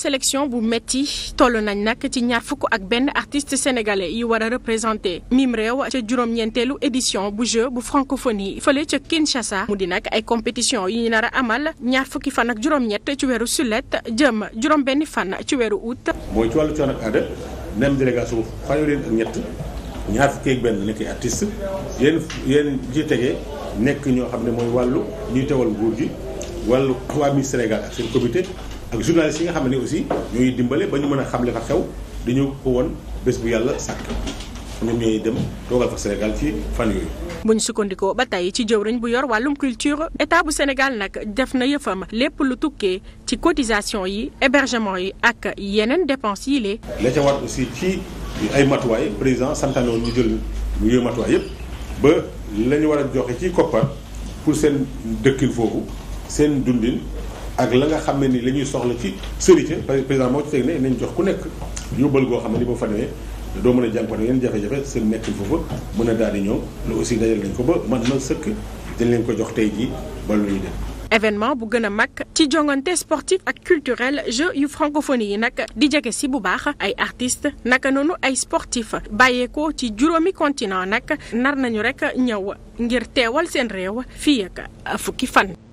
sélection bu métti toll nañ nag ci ñaar fukk ak benn artiste sénégalais yi war a représenté mim réew ca juróom-ñeenteelu édition bu jeu bu francophonie fële ca Kinshasa mu di nag ay compétition yi ñu a amal ñaar fukki fan ak juróom-ñett ci weeru sulet jëm juróom-benn fan ci weeru août. mooy ci wàllu coono ak aada nem délégation fanweeri ak ñett ñaar fukki ak benn nekk artiste yéen yéen tegee nekk ñoo xam ne mooy wàllu ñuy teewal nguur gi wàllu waa mi Sénégal ak ak journaliste yi nga xam ne aussi ñooy dimbale ba ñu mën a xam li fa xew dañu ko woon bés bu yàlla sàkk ñoom ñooy dem toogal fa Sénégal ci fan yooyu. bu ñu sukkandikoo ba tey ci jëwriñ bu yor wàllum culture état bu Sénégal nag def na yëfam lépp lu tukkee ci cotisation yi hébergement yi ak yeneen dépenses yi lee. la ca war aussi ci ay matuwaay président santaane woon ñu jël ñu yëy matuwaay yëpp ba lañu ñu war a joxe ci koppar pour seen dëkkin foofu seen dundin. ak la nga xam ne ni la ñuy soxla ci sérité président moo ci teg ne jox ku nekk yóbbal goo xam ne ni boo fa demee doo mën a jànkuwante yeneen jafe-jafe seen mën a daal di ñëw lu aussi dajal nañ ko ba man na sëkk dañ leen ko jox tey ji ba lu ñuy def événement bu gën a mag ci jongante sportif ak culturel jeux yu francophonie yi nag di jege si bu baax ay artistes naka noonu ay sportif bàyyeekoo ci juróomi continent nag nar nañu rek ñëw ngir teewal seen réew fii ak fukki fan.